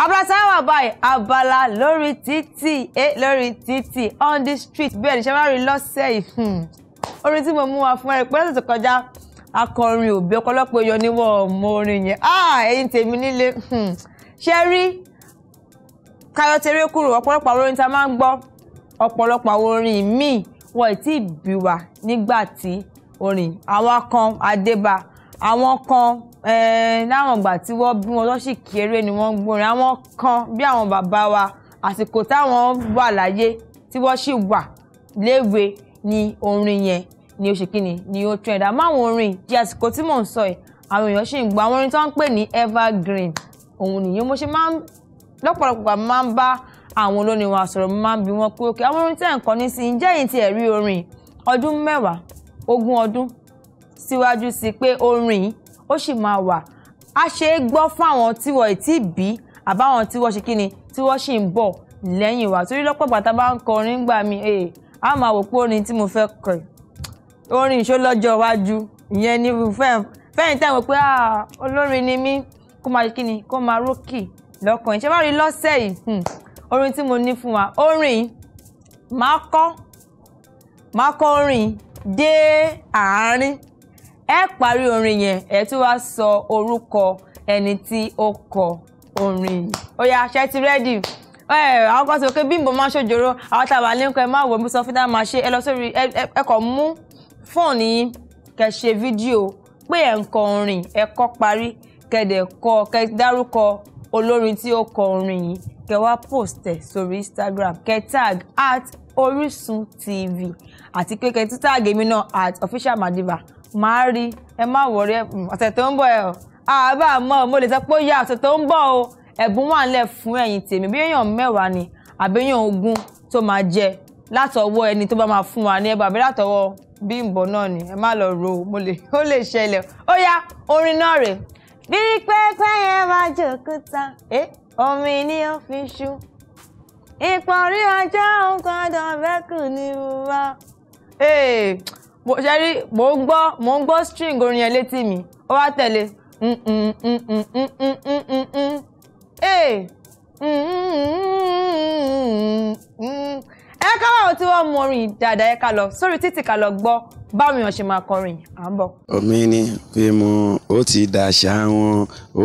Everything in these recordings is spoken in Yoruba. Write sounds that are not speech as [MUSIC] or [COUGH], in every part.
abala tá a wà báyìí abala lórí títì ẹ lórí títì on the street bẹ́ẹ̀ ni ṣe máa rí lọ́sẹ̀ yìí hmm. orin tí mo mú wa fún ẹ pé lọ́sẹ̀ tó kọjá akọrin òbí ọ̀pọ̀lọpọ̀ yọ níwọ ọmọ orin yẹn ah, ẹ̀yin tèmi nílé hmm. ṣe rí káyọ̀tẹ̀rẹ̀ kúrò ọ̀pọ̀lọpọ̀ àwọn orin tá a máa ń gbọ́ ọ̀pọ̀lọpọ̀ àwọn orin míì wọ́n ti bí wa nígbà tí orin àwọn kan adébá àwọn kan Eh, láwọn ìgbà tí wọ́n bí wọn lọ́sì kéré ni wọ́n ń gbórin àwọn kan bí àwọn bàbá wa àsìkò táwọn wà láyé tí wọ́n sì wà léwe ni orin yẹn ni oṣù kìíní ni ó trend àmọ́ àwọn orin di àsìkò tí mò ń sọ yìí àwọn èèyàn ṣì ń gbọ́ àwọn orin tó ń pè ní evergreen òun nìyẹn mo ṣe máa ń lọ́pọ̀lọpọ̀ máa ń bá àwọn olórin wa sọ̀rọ̀ máa ń bi wọ́n pé òkè àwọn orin tẹ̀ ń kọ́ ní sí ǹjẹ́ yìí ti ẹ̀rí orin ọdún mẹ́wàá ogún ọdún síwájú sí pé orin ó sì máa wà á ṣe é gbọ́ fún àwọn tí wọ́n ti bí àbáwọn tí wọ́n ṣe kí ni tí wọ́n sì ń bọ̀ lẹ́yìn wa torí lọ́pọ̀ ìgbà bá ń kọ gbà mí ẹ̀ eh, á máa wò pé orin tí mo fẹ́ kọ orin ìṣó lọ́jọ́ iwájú ìyẹn ni fẹ́yìn táwọn pé ah, olórin ni mí kó máa kí ni kó máa rókì lọ́kàn ìṣe bá rí lọ́sẹ̀ yìí hmm, orin tí mo ní fún wa orin máa kọ́ máa kọ́ orin dé àárín ẹ parí orin yẹn ẹ tó wá sọ orúkọ ẹni tí ó kọ orin yìí ó yá ṣe ti rẹ́dì àwọn kan sọ pé Bímbọ́ máa ṣòjòrò àwọn tábà ní nǹkan ẹ má wò ó sọ fún táwọn máa ṣe ẹ lọ sórí ẹ kọ mú fóònù yín kẹ ṣe fídíò pé ẹ ń kọ orin ẹ kọ parí kẹdẹ kọ kẹ dárúkọ olórin tí ó kọ orin yìí kẹ wá post sórí Instagram kẹ tag at Orisun TV àti pé kẹ tún tag èmi náà at Madiba màá rí ẹ má wọrí mm, ọ̀sẹ̀ tó ń bọ̀ ẹ o àbá mọ́ mo lè sọ pé ó yá ọ̀sẹ̀ tó ń bọ̀ o ẹ̀bùn wà ńlẹ̀ fún ẹ̀yin tèmi bí èèyàn mẹ́wàá ni àbí èèyàn ogún tó máa jẹ látọwọ́ ẹni tó bá máa fún wa ní ẹ̀bùn àbí látọwọ́ Bímbọ́ náà ni ẹ má lọ ro mo lè [LAUGHS] ó lè ṣẹlẹ̀ ó yá orin náà rè bí pẹ́pẹ́ yẹn máa jòkúta omi ni ó fi ṣú ìpọ̀rí ọjọ́ òun kan dọ̀bẹ́kù ni mo wá mo ṣe rí mò ń gbọ́ mò ń gbọ́ string orin yẹn létí mi ó wá tẹ̀lé ee ẹ ká wà ó tí wọ́n mọ orin dáadáa ẹ ká lọ sórí títì ká lọ gbọ́ báwọn èèyàn ṣe máa kọrin à ń bọ̀. omi ni pé ó ti dàṣà wọn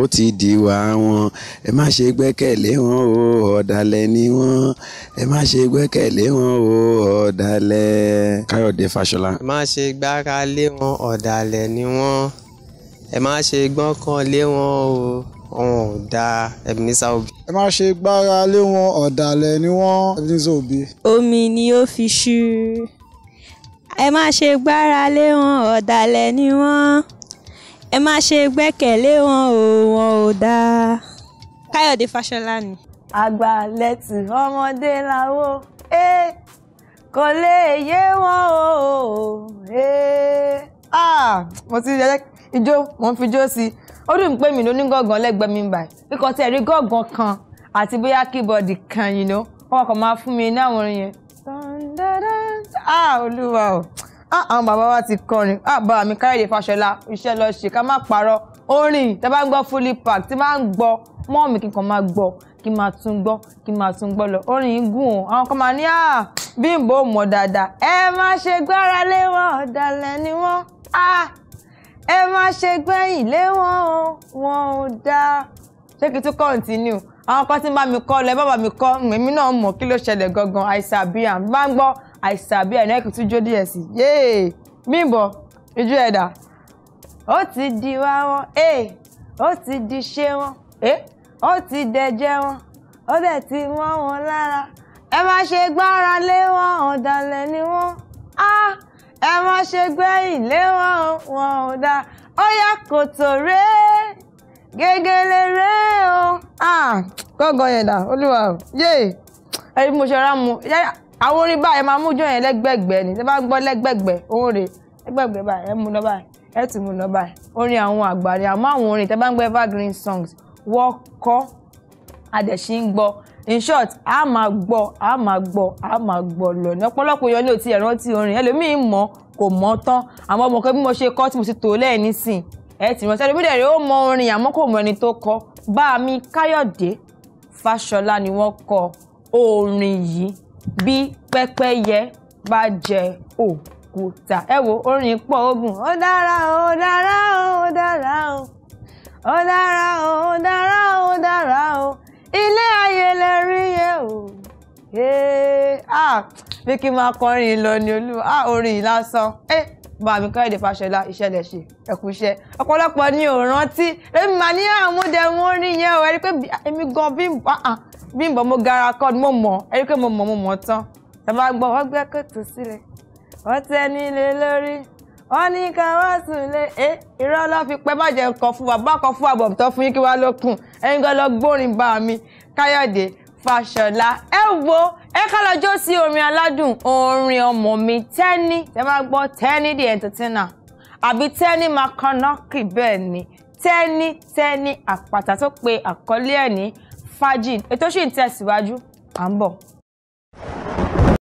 ó ti dìwà wọn ẹ má ṣe gbẹ́kẹ̀lé wọn o ọ̀dàlẹ̀ ni wọ́n ẹ má ṣe gbẹ́kẹ̀lé wọn o ọ̀dàlẹ̀. káyọ̀dé fàṣọlá. ẹ má ṣe gbára lé wọn ọ̀dàlẹ̀ ni wọ́n ẹ má ṣe gbọ́kàn wọn o òun ò da Ebenezer Obey. ẹ má ṣe gbára lé wọn ọ̀dàlẹ̀ ni wọ́n Ebenezer Obey. omi ni ó fi ṣu ẹ má ṣe gbára lé wọn ọ̀dàlẹ̀ ni wọ́n ẹ má ṣe gbẹ́kẹ̀lé wọn o wọn ò da. Káyọ̀dé Fáṣọlá ni. àgbà lẹ́tì ọmọdé làwọ̀ ẹ́ kò lè yé wọn o ẹ́. Ah, mo ti jẹ́ ijó mo ń fi jó sí i ó dùn pé mi ló ní gángan lẹ́gbẹ̀ẹ́ mi báyìí bíkọ́ tí ẹ rí kan àti bóyá kíbọ̀dì kan yìí ló wọn kàn máa fún mi ní àwọn orin yẹn. ah olúwa o ah, àwọn bàbá wa ti kọrin ah, bàbá mi Káyọ̀dé Fáṣọlá iṣẹ́ lọ ṣe ká má parọ́ orin tẹ bá ń gbọ́ fully pack tí máa ń gbọ́ mọ́ mi kí n kàn máa gbọ́ kí n máa tún gbọ́ kí n máa tún gbọ́ lọ orin yìí gùn o àwọn kan máa ní à ah, Bímbò mọ̀ dáadáa ẹ má ṣe gbára lé wọn ọ̀dàlẹ̀ ni wọ́n á ẹ má ṣe gbẹ̀yìn lé wọn o wọn ò dáa ṣé kí n tún continue àwọn kan tí bá mi kọ́ lọ ẹ bá bá mi kọ́ hmm, èmi náà mọ̀ kí ló ṣẹlẹ̀ gangan àìsàn àbíyà bá ń gbọ́ àìsàn àbíyà kì í tún jó díẹ̀ sí i yéè mímbọ̀ ojú ẹ̀dá ó ti di wá wọn ee ó ti di ṣé wọn ee ó ti dẹjẹ wọn ó dẹ̀ ti mọ́ wọn lára ẹ má ṣe gbára lé wọn ọ̀dàlẹ̀ ni wọ́n á. Ah! ẹ mọ ṣe gbẹ̀yìn lé wọn wọn ò dáa ó yá kòtò ré gégélé ré o gángan yẹn dà olúwa o yéè ẹ bí mo ṣe ra mu àwọn orin báyìí máa mújọ yẹn lẹ́gbẹ̀gbẹ̀ ni tẹ bá gbọ́ lẹ́gbẹ̀gbẹ̀ òun rè lẹ́gbẹ̀gbẹ̀ báyìí ẹ mú lọ báyìí ẹ tì mú lọ báyìí orin àwọn àgbà ni àmọ́ àwọn orin tẹ bá ń gbọ́ evergreen songs wọ́n kọ́ adẹ̀ ṣì ń gbọ́ in short a máa gbọ́ a máa gbọ́ a máa gbọ́ lọ́nà ọ̀pọ̀lọpọ̀ yọ ní òtí ẹ̀rọ ti orin ẹlòmíín mọ̀ kò mọ̀ tán àmọ́ ọmọ kan bí mo ṣe kọ́ tí mo ti tò lẹ́ẹ̀ nísìn ẹ ti rántí ẹlòmíín dẹ̀rẹ̀ ó mọ̀ orin àmọ́ kò mọ̀ ẹni tó kọ bá mi káyọ̀dé fàṣọlá ni wọ́n kọ orin yìí bí pẹ́pẹ́yẹ bá jẹ òkúta ẹ wo orin pọ̀ ogun ó dára ó dára ó dára ó ó dára ó dára ó dára ó. Eh, ah, bí kí n máa kọrin lọ ni olú ah, orin lásán eh, bàmí kọ́ èdè Fáṣọlá ìṣẹ̀lẹ̀ ṣe ẹ̀kú iṣẹ́ ọ̀pọ̀lọpọ̀ ni ò rántí èmi mà ní àmúdẹ̀mú orin yẹn o ẹ̀rí pé èmi gan Bímbọ́ ah, mo gara kọ́ọ̀dù mo mọ̀ ẹ̀rí pé mo mọ̀ mo mọ̀ tán tàbá gbọ́ wọ́n gbẹ́ kòtò sílẹ̀ wọ́n tẹ nílé lórí wọ́n ní ká wá sùnlé ẹ eh, irọ́ ló fi pẹ́ bàjẹ́ nǹkan fún wa bá kan fún wa bọ̀ tó fún yín kí wá lókun ẹ̀yin gan lọ gbórin bá mi Káyọ̀dé Fàṣọlá ẹ wo ẹ ká lọ jó sí orin aládùn orin ọmọ mi Tẹ́ni ẹ máa gbọ́ Tẹ́ni the entertainer àbí Tẹ́ni makanaki bẹ́ẹ̀ ni Tẹ́ni Tẹ́ni àpàtà tó pe àkọlé ẹ̀ ní fajin ètò sì ń tẹ̀síwájú à ń bọ̀.